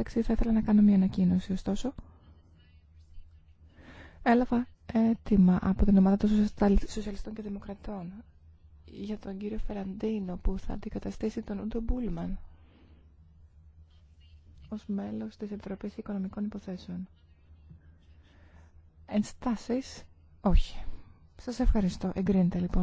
Εντάξει, θα ήθελα να κάνω μια ανακοίνωση, ωστόσο. Έλαβα έτοιμα από την ομάδα των Σοσιαλιστών και Δημοκρατών για τον κύριο Φεραντίνο που θα αντικαταστήσει τον Ούντο Μπούλμαν ως μέλος της Επιτροπής Οικονομικών Υποθέσεων. Ενστάσεις, όχι. Σας ευχαριστώ. Εγκρίνεται λοιπόν.